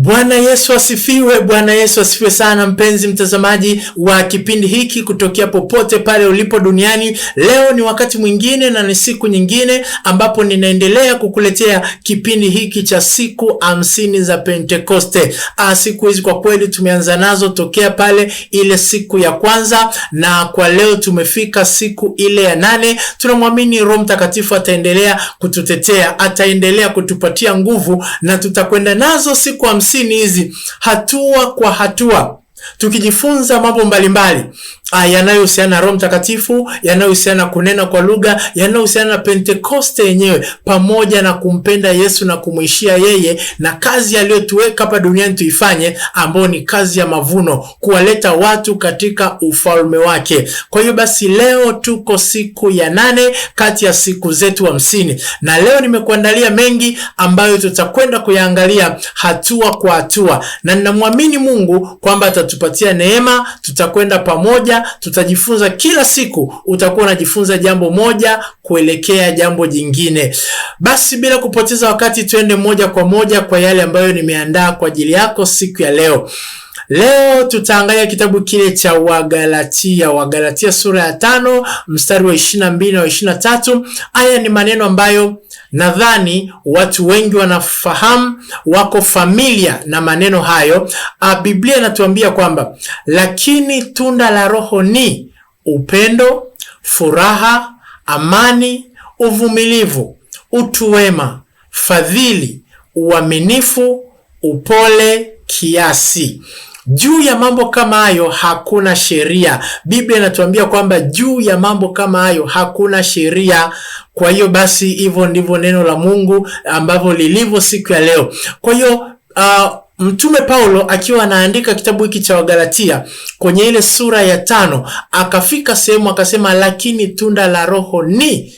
Bwana Yesu asifiwe. Bwana Yesu asifiwe sana, mpenzi mtazamaji wa kipindi hiki kutokea popote pale ulipo duniani. Leo ni wakati mwingine na ni siku nyingine ambapo ninaendelea kukuletea kipindi hiki cha siku hamsini za Pentekoste. Ah, siku hizi kwa kweli tumeanza nazo tokea pale ile siku ya kwanza, na kwa leo tumefika siku ile ya nane. Tunamwamini Roho Mtakatifu ataendelea kututetea, ataendelea kutupatia nguvu na tutakwenda nazo siku hamsini hizi hatua kwa hatua tukijifunza mambo mbalimbali Ah, yanayohusiana na Roho Mtakatifu, yanayohusiana na kunena kwa lugha, yanayohusiana na Pentekoste yenyewe, pamoja na kumpenda Yesu na kumwishia yeye, na kazi aliyotuweka hapa duniani tuifanye, ambayo ni kazi ya mavuno, kuwaleta watu katika ufalme wake. Kwa hiyo basi, leo tuko siku ya nane kati ya siku zetu hamsini, na leo nimekuandalia mengi ambayo tutakwenda kuyaangalia hatua kwa hatua, na ninamwamini Mungu kwamba atatupatia neema, tutakwenda pamoja tutajifunza kila siku, utakuwa unajifunza jambo moja kuelekea jambo jingine. Basi bila kupoteza wakati, tuende moja kwa moja kwa yale ambayo nimeandaa kwa ajili yako siku ya leo. Leo tutaangalia kitabu kile cha Wagalatia, Wagalatia sura ya tano mstari wa 22 na mbili na wa na tatu. Haya ni maneno ambayo Nadhani watu wengi wanafahamu, wako familia na maneno hayo. A, ah, Biblia inatuambia kwamba lakini tunda la Roho ni upendo, furaha, amani, uvumilivu, utu wema, fadhili, uaminifu, upole, kiasi. Juu ya mambo kama hayo hakuna sheria. Biblia inatuambia kwamba juu ya mambo kama hayo hakuna sheria. Kwa hiyo basi, hivyo ndivyo neno la Mungu ambavyo lilivyo siku ya leo. Kwa hiyo uh, Mtume Paulo akiwa anaandika kitabu hiki cha Wagalatia kwenye ile sura ya tano akafika sehemu akasema, lakini tunda la Roho ni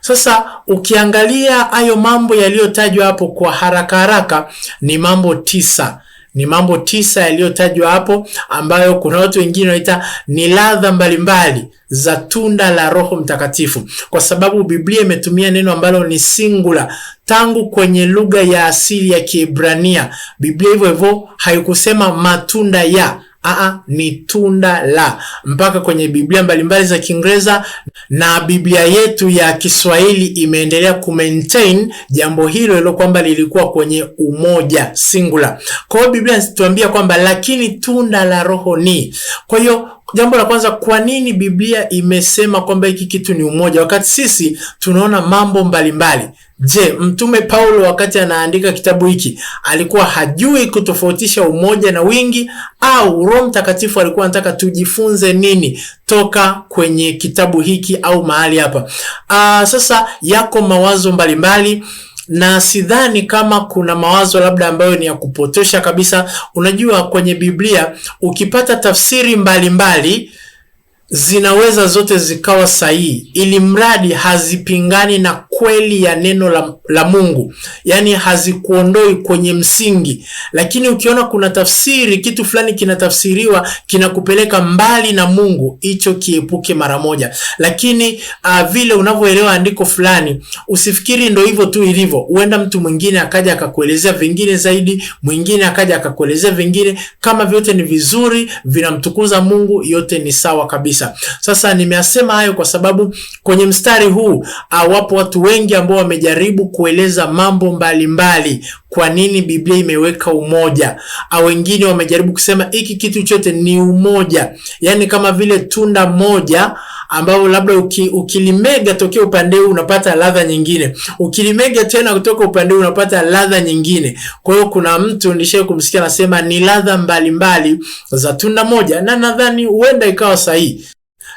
sasa ukiangalia hayo mambo yaliyotajwa hapo kwa haraka haraka ni mambo tisa. Ni mambo tisa yaliyotajwa hapo, ambayo kuna watu wengine wanaita ni ladha mbalimbali za tunda la Roho Mtakatifu, kwa sababu Biblia imetumia neno ambalo ni singular tangu kwenye lugha ya asili ya Kiebrania. Biblia hivyo hivyo haikusema matunda ya Aa, ah, ah, ni tunda la mpaka kwenye Biblia mbalimbali za Kiingereza na Biblia yetu ya Kiswahili imeendelea kumaintain jambo hilo ilo kwamba lilikuwa kwenye umoja singular. Kwa hiyo Biblia inatuambia kwamba lakini tunda la Roho ni. Kwa hiyo jambo la kwanza, kwa nini Biblia imesema kwamba hiki kitu ni umoja wakati sisi tunaona mambo mbalimbali mbali. Je, Mtume Paulo wakati anaandika kitabu hiki alikuwa hajui kutofautisha umoja na wingi, au Roho Mtakatifu alikuwa anataka tujifunze nini toka kwenye kitabu hiki au mahali hapa? Aa, ah, sasa yako mawazo mbalimbali mbali, na sidhani kama kuna mawazo labda ambayo ni ya kupotosha kabisa. Unajua, kwenye Biblia ukipata tafsiri mbalimbali mbali, zinaweza zote zikawa sahihi, ili mradi hazipingani na kweli ya neno la, la Mungu, yaani hazikuondoi kwenye msingi. Lakini ukiona kuna tafsiri, kitu fulani kinatafsiriwa kinakupeleka mbali na Mungu, hicho kiepuke mara moja. Lakini uh, vile unavyoelewa andiko fulani, usifikiri ndo hivyo tu ilivyo. Huenda mtu mwingine akaja akakuelezea vingine zaidi, mwingine akaja akakuelezea vingine. Kama vyote ni vizuri, vinamtukuza Mungu, yote ni sawa kabisa kabisa. Sasa nimeasema hayo kwa sababu kwenye mstari huu ah, wapo watu wengi ambao wamejaribu kueleza mambo mbalimbali mbali. Kwa nini Biblia imeweka umoja? Au ah, wengine wamejaribu kusema hiki kitu chote ni umoja, yaani kama vile tunda moja ambao labda uki, ukilimega tokea upande huu unapata ladha nyingine, ukilimega tena kutoka upande huu unapata ladha nyingine. Kwa hiyo kuna mtu nilishaye kumsikia anasema ni ladha mbalimbali za tunda moja, na nadhani huenda ikawa sahihi,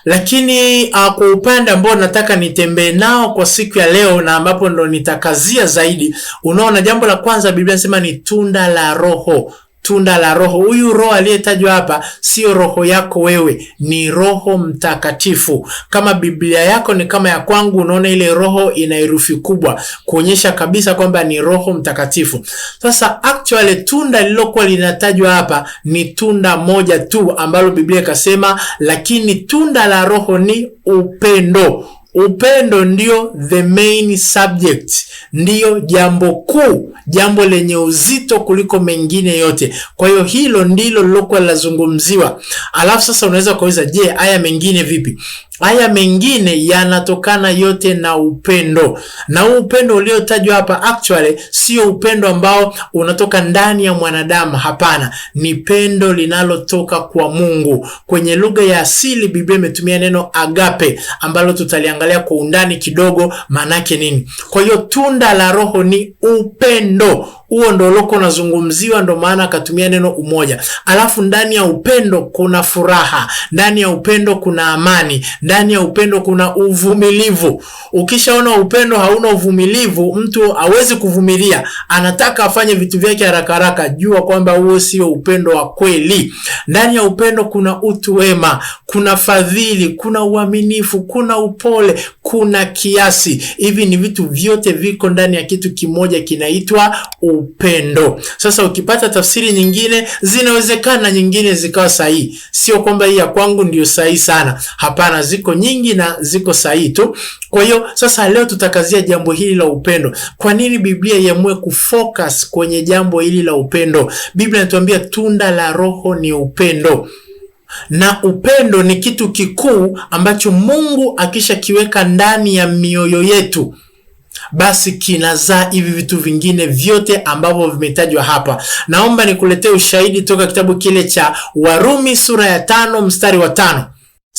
lakini uh, kwa upande ambao nataka nitembee nao kwa siku ya leo na ambapo ndo nitakazia zaidi, unaona, jambo la kwanza Biblia nasema ni tunda la Roho tunda la Roho. Huyu Roho aliyetajwa hapa sio roho yako wewe, ni Roho Mtakatifu. Kama Biblia yako ni kama ya kwangu, unaona ile roho ina herufi kubwa kuonyesha kabisa kwamba ni Roho Mtakatifu. Sasa actually tunda lililokuwa linatajwa hapa ni tunda moja tu ambalo Biblia ikasema, lakini tunda la Roho ni upendo. Upendo ndio the main subject, ndiyo jambo kuu, jambo lenye uzito kuliko mengine yote. Kwa hiyo hilo ndilo lilokuwa linazungumziwa. Alafu sasa unaweza kuuliza, je, haya mengine vipi? Haya mengine yanatokana yote na upendo, na huu upendo uliotajwa hapa actually sio upendo ambao unatoka ndani ya mwanadamu. Hapana, ni pendo linalotoka kwa Mungu. Kwenye lugha ya asili Biblia imetumia neno agape, ambalo tutaliangalia kwa undani kidogo, maana yake nini. Kwa hiyo tunda la Roho ni upendo huo ndo uloko unazungumziwa, ndo maana akatumia neno umoja. Alafu ndani ya upendo kuna furaha, ndani ya upendo kuna amani ndani ya upendo kuna uvumilivu. Ukishaona upendo hauna uvumilivu, mtu hawezi kuvumilia, anataka afanye vitu vyake haraka haraka, jua kwamba huo sio upendo wa kweli. Ndani ya upendo kuna utu wema, kuna fadhili, kuna uaminifu, kuna upole, kuna kiasi. Hivi ni vitu vyote viko ndani ya kitu kimoja kinaitwa upendo. Sasa ukipata tafsiri nyingine, zinawezekana nyingine zikawa sahihi, sio kwamba hii ya kwangu ndio sahihi sana. Hapana, ziko nyingi na ziko sahihi tu. Kwa hiyo sasa leo tutakazia jambo hili la upendo. Kwa nini Biblia iamue kufocus kwenye jambo hili la upendo? Biblia inatuambia tunda la Roho ni upendo na upendo ni kitu kikuu ambacho Mungu akishakiweka ndani ya mioyo yetu basi kinazaa hivi vitu vingine vyote ambavyo vimetajwa hapa. Naomba nikuletee ushahidi toka kitabu kile cha Warumi sura ya tano mstari wa tano.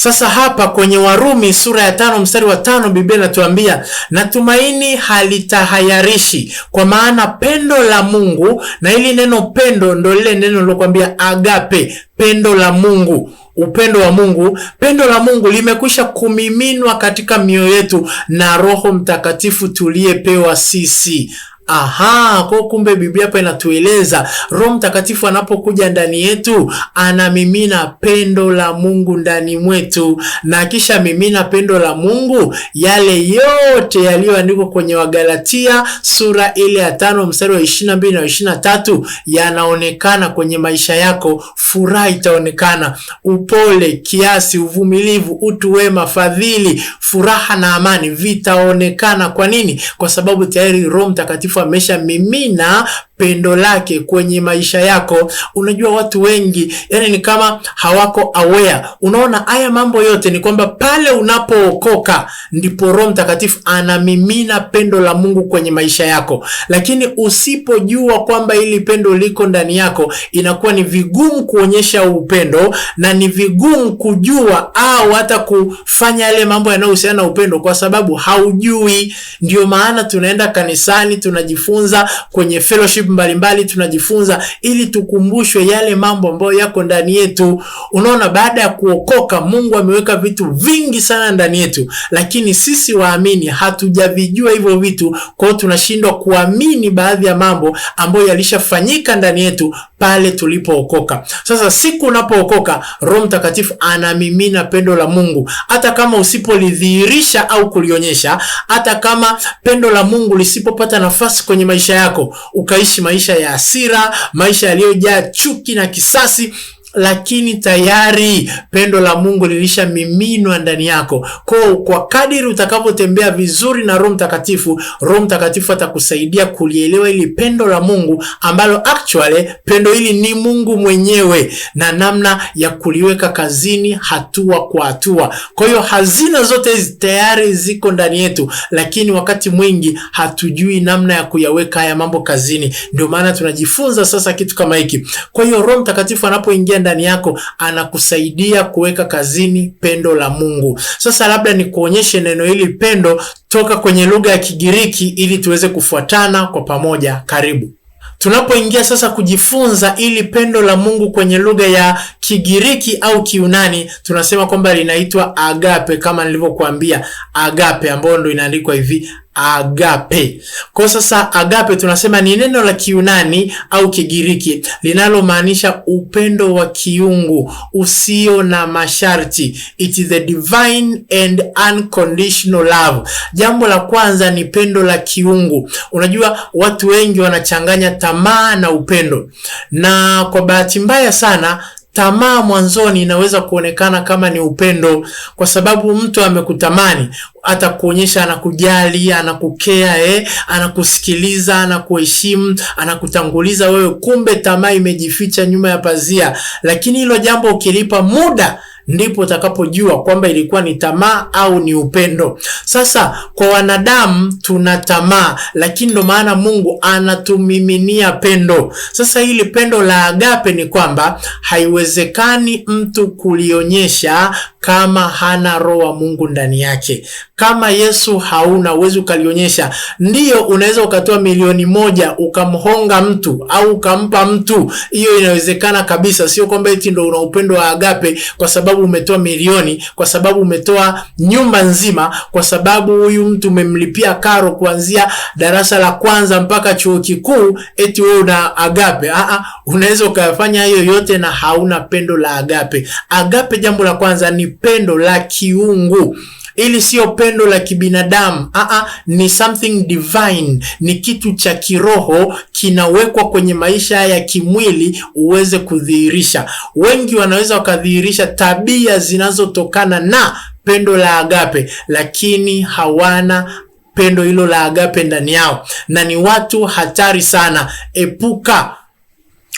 Sasa hapa kwenye Warumi sura ya tano mstari wa tano Biblia inatuambia na tumaini halitahayarishi, kwa maana pendo la Mungu. Na hili neno pendo ndo lile neno lilokuambia agape, pendo la Mungu, upendo wa Mungu. Pendo la Mungu limekwisha kumiminwa katika mioyo yetu na Roho Mtakatifu tuliyepewa sisi. Aha, kwa kumbe Biblia hapa inatueleza Roho Mtakatifu anapokuja ndani yetu anamimina pendo la Mungu ndani mwetu, na kisha mimina pendo la Mungu, yale yote yaliyoandikwa kwenye Wagalatia sura ile ya tano mstari wa 22 na 23 yanaonekana kwenye maisha yako. Furaha itaonekana, upole, kiasi, uvumilivu, utu wema, fadhili, furaha na amani vitaonekana. Kwa nini? Kwa sababu tayari Roho Mtakatifu amesha mimina pendo lake kwenye maisha yako. Unajua watu wengi yani ni kama hawako aware. Unaona haya mambo yote ni kwamba pale unapookoka ndipo Roho Mtakatifu anamimina pendo la Mungu kwenye maisha yako, lakini usipojua kwamba ili pendo liko ndani yako, inakuwa ni vigumu kuonyesha upendo na ni vigumu kujua au hata kufanya yale mambo yanayohusiana na upendo, kwa sababu haujui. Ndio maana tunaenda kanisani, tunajifunza kwenye fellowship mbalimbali tunajifunza ili tukumbushwe yale mambo ambayo yako ndani yetu. Unaona, baada ya kuokoka Mungu ameweka vitu vingi sana ndani yetu, lakini sisi waamini hatujavijua hivyo vitu. kwao tunashindwa kuamini baadhi ya mambo ambayo yalishafanyika ndani yetu pale tulipookoka. Sasa siku unapookoka, Roho Mtakatifu anamimina pendo la Mungu, hata kama usipolidhihirisha au kulionyesha, hata kama pendo la Mungu lisipopata nafasi kwenye maisha yako, ukaishi maisha ya hasira, maisha yaliyojaa chuki na kisasi lakini tayari pendo la Mungu lilishamiminwa ndani yako. Kwa kwa kadiri utakavyotembea vizuri na Roho Mtakatifu, Roho Mtakatifu atakusaidia kulielewa ili pendo la Mungu ambalo actually pendo hili ni Mungu mwenyewe na namna ya kuliweka kazini hatua kwa hatua. Kwa hiyo hazina zote hizi tayari ziko ndani yetu, lakini wakati mwingi hatujui namna ya kuyaweka haya mambo kazini. Ndio maana tunajifunza sasa kitu kama hiki. Kwa hiyo Roho Mtakatifu anapoingia ndani yako anakusaidia kuweka kazini pendo la Mungu. Sasa labda nikuonyeshe neno hili pendo toka kwenye lugha ya Kigiriki ili tuweze kufuatana kwa pamoja. Karibu. Tunapoingia sasa kujifunza ili pendo la Mungu kwenye lugha ya Kigiriki au Kiunani, tunasema kwamba linaitwa agape, kama nilivyokuambia agape, ambayo ndo inaandikwa hivi agape. Kwa sasa agape tunasema ni neno la Kiunani au Kigiriki linalomaanisha upendo wa kiungu usio na masharti. It is the divine and unconditional love. Jambo la kwanza ni pendo la kiungu. Unajua watu wengi wanachanganya tamaa na upendo, na kwa bahati mbaya sana tamaa mwanzoni inaweza kuonekana kama ni upendo, kwa sababu mtu amekutamani hata kuonyesha anakujali, anakukea, eh, anakusikiliza, anakuheshimu, anakutanguliza wewe. Kumbe tamaa imejificha nyuma ya pazia, lakini hilo jambo ukilipa muda ndipo utakapojua kwamba ilikuwa ni tamaa au ni upendo. Sasa kwa wanadamu tuna tamaa, lakini ndo maana Mungu anatumiminia pendo. Sasa hili pendo la agape ni kwamba haiwezekani mtu kulionyesha kama hana roho wa Mungu ndani yake. Kama Yesu hauna, uwezo ukalionyesha. Ndiyo, unaweza ukatoa milioni moja ukamhonga mtu au ukampa mtu, hiyo inawezekana kabisa. Sio kwamba eti ndo una upendo wa agape kwa sababu sababu umetoa milioni, kwa sababu umetoa nyumba nzima, kwa sababu huyu mtu umemlipia karo kuanzia darasa la kwanza mpaka chuo kikuu, eti wewe una agape? Aa, unaweza ukayafanya hiyo yote na hauna pendo la agape. Agape, jambo la kwanza, ni pendo la kiungu ili siyo pendo la kibinadamu aa, ah, ah, ni something divine, ni kitu cha kiroho kinawekwa kwenye maisha ya kimwili uweze kudhihirisha. Wengi wanaweza wakadhihirisha tabia zinazotokana na pendo la agape, lakini hawana pendo hilo la agape ndani yao, na ni watu hatari sana. Epuka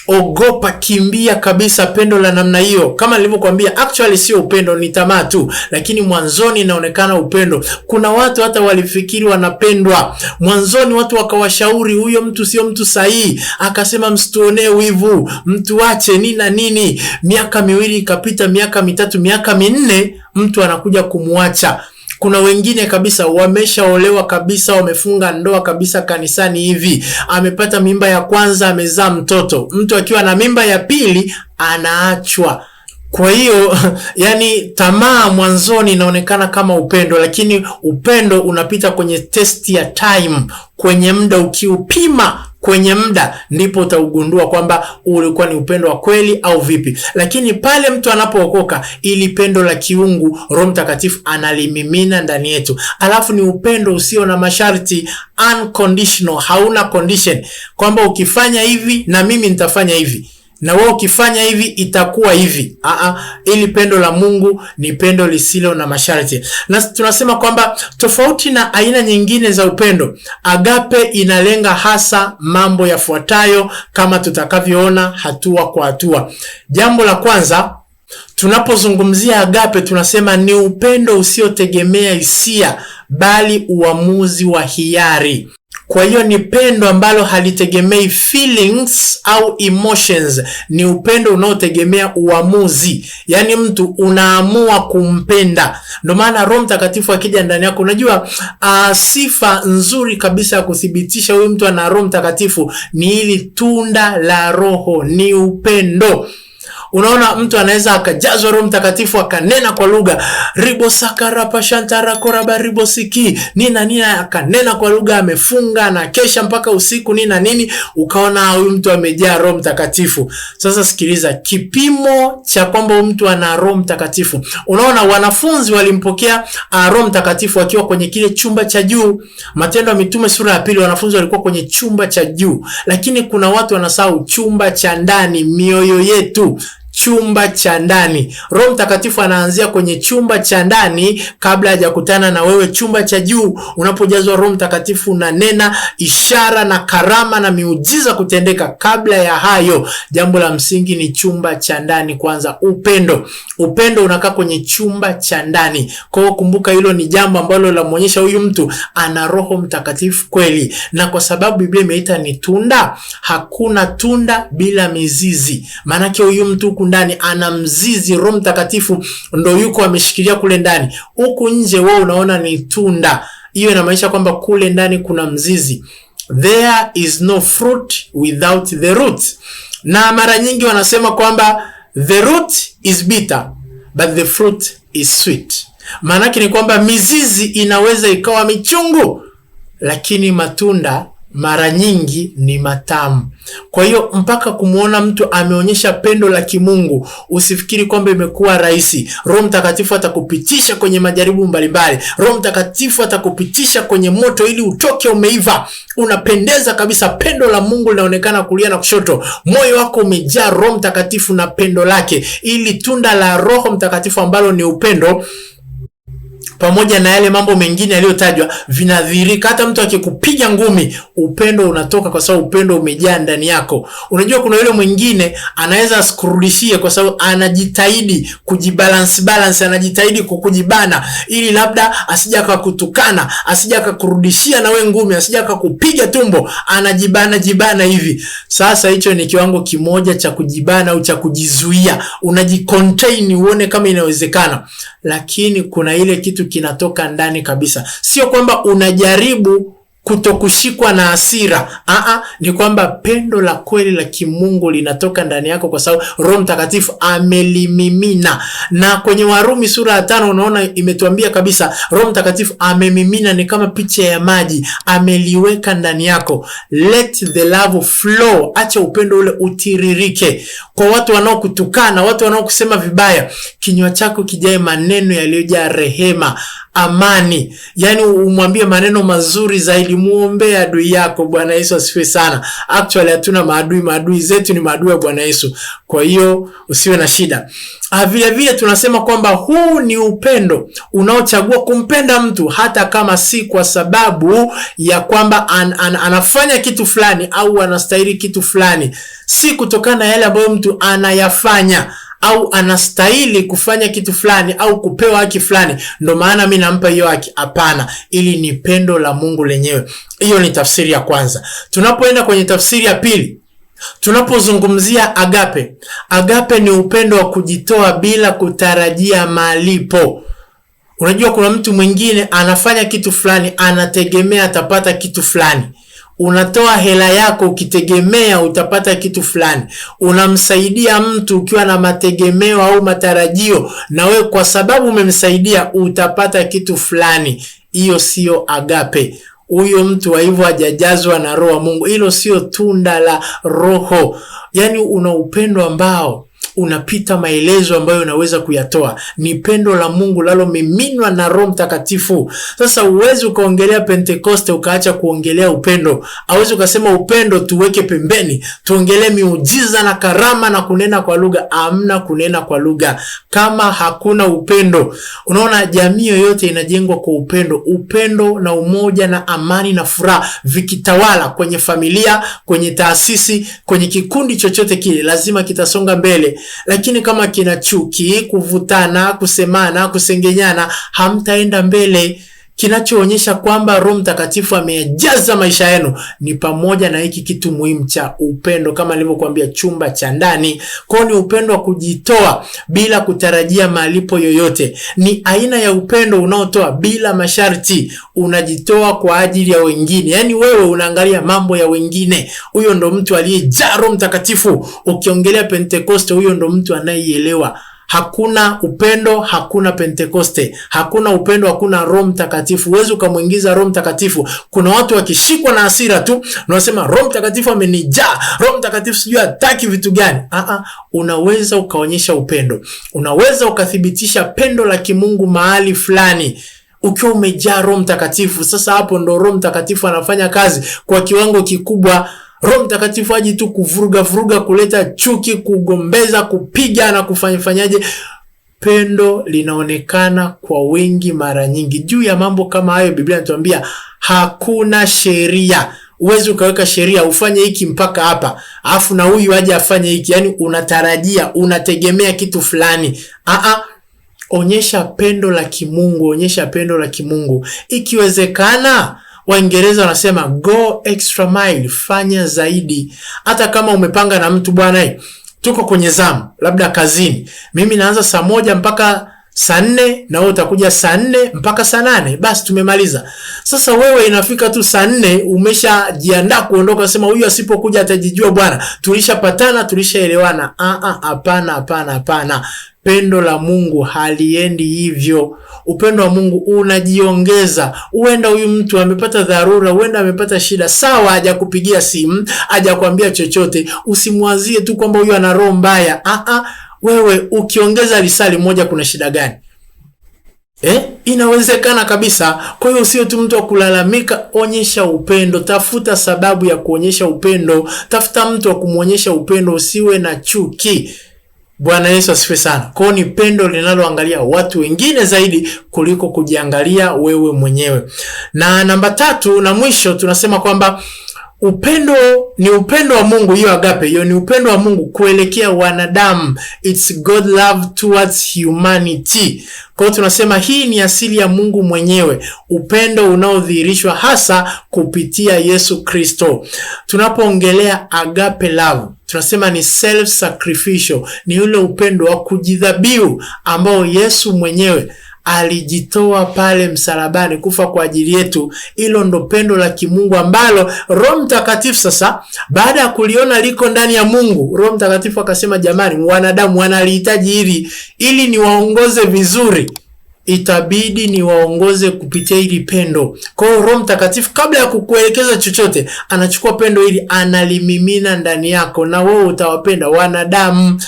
Ogopa, kimbia kabisa pendo la namna hiyo. Kama nilivyokuambia, actually sio upendo, ni tamaa tu, lakini mwanzoni inaonekana upendo. Kuna watu hata walifikiri wanapendwa mwanzoni, watu wakawashauri, huyo mtu sio mtu sahihi, akasema msituonee wivu, mtu wache nini na nini. Miaka miwili ikapita, miaka mitatu, miaka minne, mtu anakuja kumwacha kuna wengine kabisa wameshaolewa kabisa, wamefunga ndoa kabisa kanisani hivi. Amepata mimba ya kwanza, amezaa mtoto. Mtu akiwa na mimba ya pili anaachwa. Kwa hiyo yani, tamaa mwanzoni inaonekana kama upendo, lakini upendo unapita kwenye testi ya time, kwenye muda ukiupima kwenye muda ndipo utaugundua kwamba ulikuwa ni upendo wa kweli au vipi. Lakini pale mtu anapookoka, ili pendo la kiungu Roho Mtakatifu analimimina ndani yetu, alafu ni upendo usio na masharti, unconditional, hauna condition kwamba ukifanya hivi na mimi nitafanya hivi na wewe ukifanya hivi itakuwa hivi. Aa, ili pendo la Mungu ni pendo lisilo na masharti, na tunasema kwamba tofauti na aina nyingine za upendo, agape inalenga hasa mambo yafuatayo kama tutakavyoona hatua kwa hatua. Jambo la kwanza tunapozungumzia agape tunasema ni upendo usiotegemea hisia, bali uamuzi wa hiari. Kwa hiyo ni pendo ambalo halitegemei feelings au emotions, ni upendo unaotegemea uamuzi, yaani mtu unaamua kumpenda. Ndio maana Roho Mtakatifu akija ndani yako, unajua uh, sifa nzuri kabisa ya kuthibitisha huyu mtu ana Roho Mtakatifu ni hili tunda la Roho, ni upendo. Unaona, mtu anaweza akajazwa Roho Mtakatifu akanena kwa lugha pashantara koraba ribosakarapashantarakorabaribosiki nina nina, akanena kwa lugha, amefunga na kesha mpaka usiku nina nini, ukaona huyu mtu amejaa Roho Mtakatifu. Sasa sikiliza, kipimo cha kwamba huyu mtu ana Roho Mtakatifu. Unaona, wanafunzi walimpokea ah, Roho Mtakatifu wakiwa kwenye kile chumba cha juu. Matendo ya Mitume sura ya pili, wanafunzi walikuwa kwenye chumba cha juu, lakini kuna watu wanasahau chumba cha ndani, mioyo yetu chumba cha ndani. Roho Mtakatifu anaanzia kwenye chumba cha ndani kabla hajakutana na wewe chumba cha juu. Unapojazwa Roho Mtakatifu unanena, ishara na karama na miujiza kutendeka. Kabla ya hayo, jambo la msingi ni chumba cha ndani kwanza, upendo. Upendo unakaa kwenye chumba cha ndani. Kwa hiyo kumbuka, hilo ni jambo ambalo linamuonyesha huyu mtu ana Roho Mtakatifu kweli, na kwa sababu Biblia imeita ni tunda, hakuna tunda bila mizizi. Maanake huyu mtu huku ndani ana mzizi, Roho Mtakatifu ndo yuko ameshikilia kule ndani, huku nje wewe unaona ni tunda. Hiyo inamaanisha kwamba kule ndani kuna mzizi. There is no fruit without the root. Na mara nyingi wanasema kwamba the root is bitter but the fruit is sweet. Maanake ni kwamba mizizi inaweza ikawa michungu, lakini matunda mara nyingi ni matamu. Kwa hiyo mpaka kumwona mtu ameonyesha pendo la kimungu, usifikiri kwamba imekuwa rahisi. Roho Mtakatifu atakupitisha kwenye majaribu mbalimbali. Roho Mtakatifu atakupitisha kwenye moto ili utoke umeiva, unapendeza kabisa. Pendo la Mungu linaonekana kulia na kushoto, moyo wako umejaa Roho Mtakatifu na pendo lake, ili tunda la Roho Mtakatifu ambalo ni upendo pamoja na yale mambo mengine yaliyotajwa vinadhirika Hata mtu akikupiga ngumi, upendo unatoka, kwa sababu upendo umejaa ndani yako. Unajua, kuna yule mwingine anaweza asikurudishie, kwa sababu anajitahidi kujibalance balance, anajitahidi kukujibana, ili labda asija akakutukana, asija akakurudishia na we ngumi, asija akakupiga tumbo, anajibana jibana hivi. Sasa hicho ni kiwango kimoja cha kujibana au cha kujizuia, unajicontain uone kama inawezekana, lakini kuna ile kitu kinatoka ndani kabisa, sio kwamba unajaribu kutokushikwa na hasira. Aa, ni kwamba pendo la kweli la kimungu linatoka ndani yako kwa sababu Roho Mtakatifu amelimimina. Na kwenye Warumi sura ya tano unaona imetuambia kabisa Roho Mtakatifu amemimina, ni kama picha ya maji, ameliweka ndani yako. Let the love flow, acha upendo ule utiririke kwa watu wanaokutukana, watu wanaokusema vibaya. Kinywa chako kijae maneno yaliyojaa rehema, amani, yaani umwambie maneno mazuri zaidi muombea adui yako. Bwana Yesu asifiwe sana. Actually hatuna maadui, maadui zetu ni maadui ya Bwana Yesu. Kwa hiyo usiwe na shida. Ah, vile vile tunasema kwamba huu ni upendo unaochagua kumpenda mtu hata kama si kwa sababu ya kwamba an, an, anafanya kitu fulani au anastahili kitu fulani, si kutokana na yale ambayo mtu anayafanya au anastahili kufanya kitu fulani au kupewa haki fulani, ndo maana mi nampa hiyo haki? Hapana, ili ni pendo la Mungu lenyewe. Hiyo ni tafsiri ya kwanza. Tunapoenda kwenye tafsiri ya pili, tunapozungumzia agape, agape ni upendo wa kujitoa bila kutarajia malipo. Unajua, kuna mtu mwingine anafanya kitu fulani, anategemea atapata kitu fulani unatoa hela yako ukitegemea utapata kitu fulani. Unamsaidia mtu ukiwa na mategemeo au matarajio, na we kwa sababu umemsaidia utapata kitu fulani. Hiyo siyo agape. Huyo mtu wa hivyo hajajazwa na roho wa Mungu. Hilo sio tunda la Roho, yaani una upendo ambao unapita maelezo ambayo unaweza kuyatoa. Ni pendo la Mungu lalomiminwa na Roho Mtakatifu. Sasa uwezi ukaongelea Pentekoste ukaacha kuongelea upendo. awezi ukasema upendo tuweke pembeni, tuongelee miujiza na karama na kunena kwa lugha. Amna kunena kwa lugha kama hakuna upendo. Unaona, jamii yoyote inajengwa kwa upendo, upendo na umoja na amani na furaha vikitawala kwenye familia, kwenye taasisi, kwenye kikundi chochote kile, lazima kitasonga mbele lakini kama kina chuki, kuvutana, kusemana, kusengenyana, hamtaenda mbele kinachoonyesha kwamba Roho Mtakatifu ameyajaza maisha yenu ni pamoja na hiki kitu muhimu cha upendo, kama nilivyokuambia, chumba cha ndani. Kwa ni upendo wa kujitoa bila kutarajia malipo yoyote, ni aina ya upendo unaotoa bila masharti, unajitoa kwa ajili ya wengine. Yaani wewe unaangalia mambo ya wengine. Huyo ndo mtu aliyejaa Roho Mtakatifu. Ukiongelea Pentekoste, huyo ndo mtu anayeelewa Hakuna upendo, hakuna Pentekoste, hakuna upendo, hakuna Roho Mtakatifu. Huwezi ukamwingiza Roho Mtakatifu. Kuna watu wakishikwa na hasira tu unasema Roho Mtakatifu amenijaa, Roho Mtakatifu sijui hataki vitu gani. Aha, unaweza ukaonyesha upendo, unaweza ukathibitisha pendo la kimungu mahali fulani ukiwa umejaa Roho Mtakatifu. Sasa hapo ndo Roho Mtakatifu anafanya kazi kwa kiwango kikubwa. Roho Mtakatifu aji tu kuvuruga vuruga, kuleta chuki, kugombeza, kupiga na kufanyafanyaje. Pendo linaonekana kwa wingi mara nyingi. Juu ya mambo kama hayo, Biblia inatuambia hakuna sheria. Uwezi ukaweka sheria ufanye hiki mpaka hapa, afu na huyu aje afanye hiki. Yaani unatarajia unategemea kitu fulani. Aa, ah, ah. onyesha pendo la kimungu, onyesha pendo la kimungu ikiwezekana Waingereza wanasema go extra mile, fanya zaidi. Hata kama umepanga na mtu bwana, eh, tuko kwenye zamu, labda kazini, mimi naanza saa moja mpaka saa nne na wewe utakuja saa nne mpaka saa nane basi tumemaliza. Sasa wewe inafika tu saa nne umeshajiandaa kuondoka, sema huyu asipokuja atajijua bwana, tulishapatana tulishaelewana. Ah ah, hapana hapana hapana, Pendo la Mungu haliendi hivyo. Upendo wa Mungu unajiongeza. Huenda huyu mtu amepata dharura, huenda amepata shida, sawa, hajakupigia simu, hajakwambia chochote. Usimwazie tu kwamba huyu ana roho mbaya. Ah ah, wewe ukiongeza risali moja, kuna shida gani? Eh, inawezekana kabisa. Kwa hiyo sio tu mtu wa kulalamika, onyesha upendo, tafuta sababu ya kuonyesha upendo, tafuta mtu wa kumwonyesha upendo, usiwe na chuki. Bwana Yesu asifiwe sana. Kwa ni pendo linaloangalia watu wengine zaidi kuliko kujiangalia wewe mwenyewe. Na namba tatu na mwisho tunasema kwamba upendo ni upendo wa Mungu, hiyo agape, hiyo ni upendo wa Mungu kuelekea wanadamu. It's God love towards humanity. Kwa hiyo tunasema hii ni asili ya Mungu mwenyewe, upendo unaodhihirishwa hasa kupitia Yesu Kristo. Tunapoongelea agape love tunasema ni self sacrificial, ni ule upendo wa kujidhabihu ambao Yesu mwenyewe alijitoa pale msalabani kufa kwa ajili yetu. Hilo ndo pendo la kimungu ambalo Roho Mtakatifu sasa, baada ya kuliona liko ndani ya Mungu, Roho Mtakatifu akasema, jamani, wanadamu wanalihitaji hili ili niwaongoze vizuri itabidi niwaongoze kupitia hili pendo. Kwa hiyo Roho Mtakatifu kabla ya kukuelekeza chochote, anachukua pendo hili analimimina ndani yako, na wewe utawapenda wanadamu.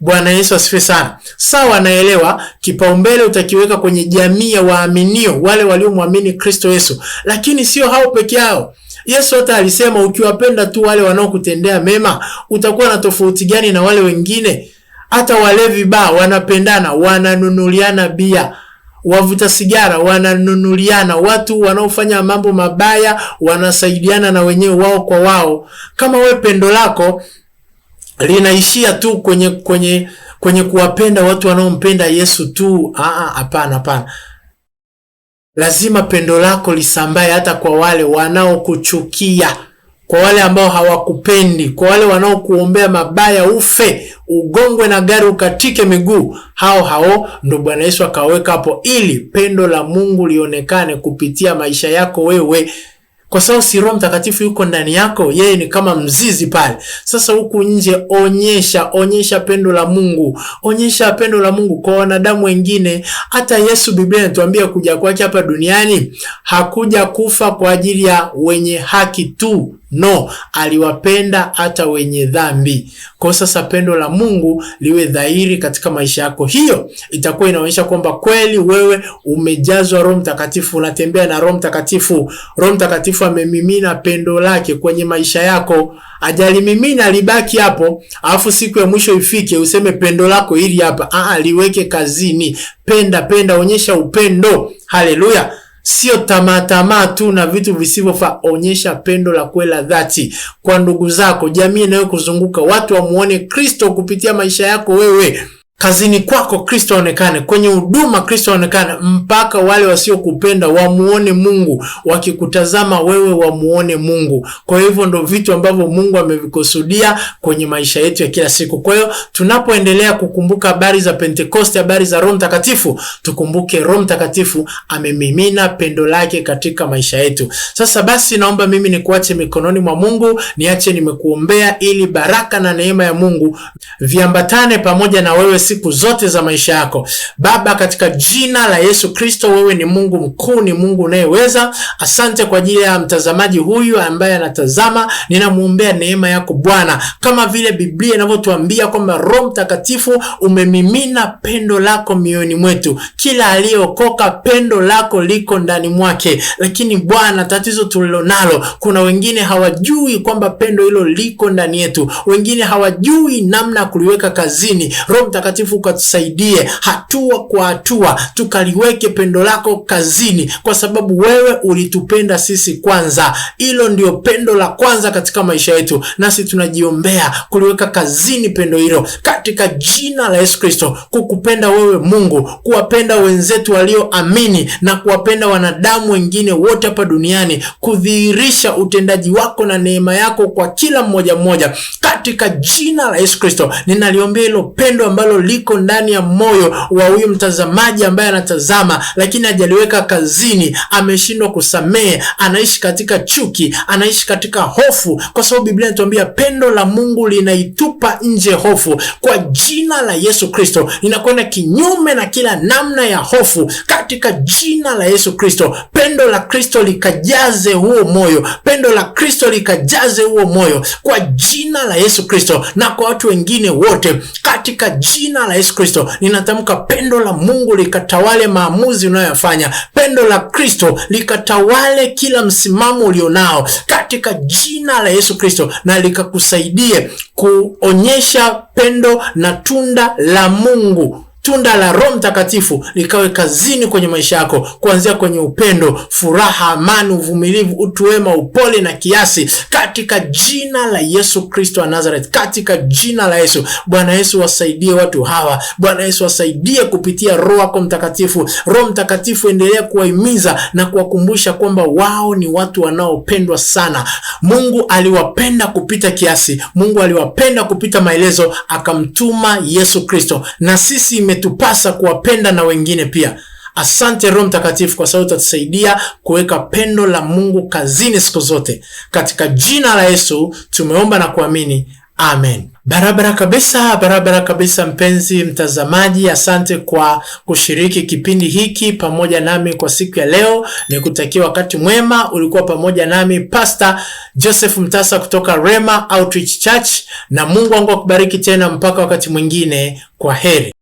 Bwana Yesu asifiwe sana. Sawa, naelewa kipaumbele utakiweka kwenye jamii ya waaminio, wale waliomwamini Kristo Yesu, lakini sio hao peke yao. Yesu hata alisema ukiwapenda tu wale wanaokutendea mema, utakuwa na tofauti gani na wale wengine? Hata walevi baa wanapendana, wananunuliana bia wavuta sigara wananunuliana, watu wanaofanya mambo mabaya wanasaidiana na wenyewe wao kwa wao. Kama we pendo lako linaishia tu kwenye kwenye kwenye kuwapenda watu wanaompenda Yesu tu, ah, ah, hapana, hapana. Lazima pendo lako lisambae hata kwa wale wanaokuchukia kwa wale ambao hawakupendi, kwa wale wanaokuombea mabaya, ufe, ugongwe na gari, ukatike miguu, hao hao ndo Bwana Yesu akaweka hapo, ili pendo la Mungu lionekane kupitia maisha yako wewe, kwa sababu si Roho Mtakatifu yuko ndani yako, yeye ni kama mzizi pale. Sasa huku nje, onyesha onyesha pendo la Mungu, onyesha pendo la Mungu kwa wanadamu wengine. Hata Yesu, Biblia inatuambia kuja kwake hapa duniani hakuja kufa kwa ajili ya wenye haki tu No, aliwapenda hata wenye dhambi. Kwa sasa pendo la Mungu liwe dhahiri katika maisha yako. Hiyo itakuwa inaonyesha kwamba kweli wewe umejazwa Roho Mtakatifu, unatembea na Roho Mtakatifu. Roho Mtakatifu amemimina pendo lake kwenye maisha yako. Ajalimimina libaki hapo, alafu siku ya mwisho ifike useme pendo lako ili hapa. Ah, liweke kazini. Penda, penda, onyesha upendo. Haleluya! sio tamaa tu na vitu visivyofaa. Onyesha pendo la kweli la dhati kwa ndugu zako, jamii inayokuzunguka, watu wamuone Kristo kupitia maisha yako wewe. Kazini kwako Kristo aonekane, kwenye huduma Kristo aonekane, mpaka wale wasiokupenda wamuone Mungu, wakikutazama wewe wamuone Mungu. Kwa hivyo ndo vitu ambavyo Mungu amevikusudia kwenye maisha yetu ya kila siku. Kwa hiyo tunapoendelea kukumbuka habari za Pentekoste, habari za Roho Mtakatifu, tukumbuke Roho Mtakatifu amemimina pendo lake katika maisha yetu. Sasa basi, naomba mimi nikuache mikononi mwa Mungu, niache nimekuombea, ili baraka na neema ya Mungu viambatane pamoja na wewe siku zote za maisha yako. Baba, katika jina la Yesu Kristo, wewe ni Mungu mkuu, ni Mungu unayeweza. Asante kwa ajili ya mtazamaji huyu ambaye anatazama, ninamwombea neema yako Bwana, kama vile Biblia inavyotuambia kwamba Roho Mtakatifu umemimina pendo lako mioyoni mwetu, kila aliyeokoka pendo lako liko ndani mwake. Lakini Bwana, tatizo tulilonalo, kuna wengine hawajui kwamba pendo hilo liko ndani yetu, wengine hawajui namna ya kuliweka kazini. Roho Mtakatifu Mtakatifu ukatusaidie hatua kwa hatua, tukaliweke pendo lako kazini, kwa sababu wewe ulitupenda sisi kwanza. Hilo ndio pendo la kwanza katika maisha yetu, nasi tunajiombea kuliweka kazini pendo hilo katika jina la Yesu Kristo, kukupenda wewe Mungu, kuwapenda wenzetu walioamini na kuwapenda wanadamu wengine wote hapa duniani, kudhihirisha utendaji wako na neema yako kwa kila mmoja mmoja, katika jina la Yesu Kristo ninaliombea hilo pendo ambalo liko ndani ya moyo wa huyu mtazamaji ambaye anatazama, lakini hajaliweka kazini. Ameshindwa kusamehe, anaishi katika chuki, anaishi katika hofu, kwa sababu Biblia inatuambia pendo la Mungu linaitupa nje hofu. Kwa jina la Yesu Kristo inakwenda kinyume na kila namna ya hofu katika jina la Yesu Kristo. Pendo la Kristo likajaze huo moyo, pendo la Kristo likajaze huo moyo kwa jina la Yesu Kristo na kwa watu wengine wote katika jina jina la Yesu Kristo ninatamka pendo la Mungu likatawale maamuzi unayoyafanya, pendo la Kristo likatawale kila msimamo ulionao katika jina la Yesu Kristo, na likakusaidie kuonyesha pendo na tunda la Mungu tunda la Roho Mtakatifu likawe kazini kwenye maisha yako, kuanzia kwenye upendo, furaha, amani, uvumilivu, utu wema, upole na kiasi, katika jina la Yesu Kristo wa Nazareth, katika jina la Yesu. Bwana Yesu wasaidie watu hawa, Bwana Yesu wasaidie kupitia Roho yako Mtakatifu. Roho Mtakatifu, endelea kuwahimiza na kuwakumbusha kwamba wao ni watu wanaopendwa sana. Mungu aliwapenda kupita kiasi, Mungu aliwapenda kupita maelezo, akamtuma Yesu Kristo, na sisi imetupasa kuwapenda na wengine pia. Asante Roho Mtakatifu kwa sababu utatusaidia kuweka pendo la Mungu kazini siku zote. Katika jina la Yesu tumeomba na kuamini, amen. Barabara kabisa, barabara kabisa, mpenzi mtazamaji, asante kwa kushiriki kipindi hiki pamoja nami kwa siku ya leo. Nikutakia wakati mwema. Ulikuwa pamoja nami Pastor Joseph Mtasa kutoka Rema Outreach Church, na Mungu wangu akubariki tena mpaka wakati mwingine. Kwa heri.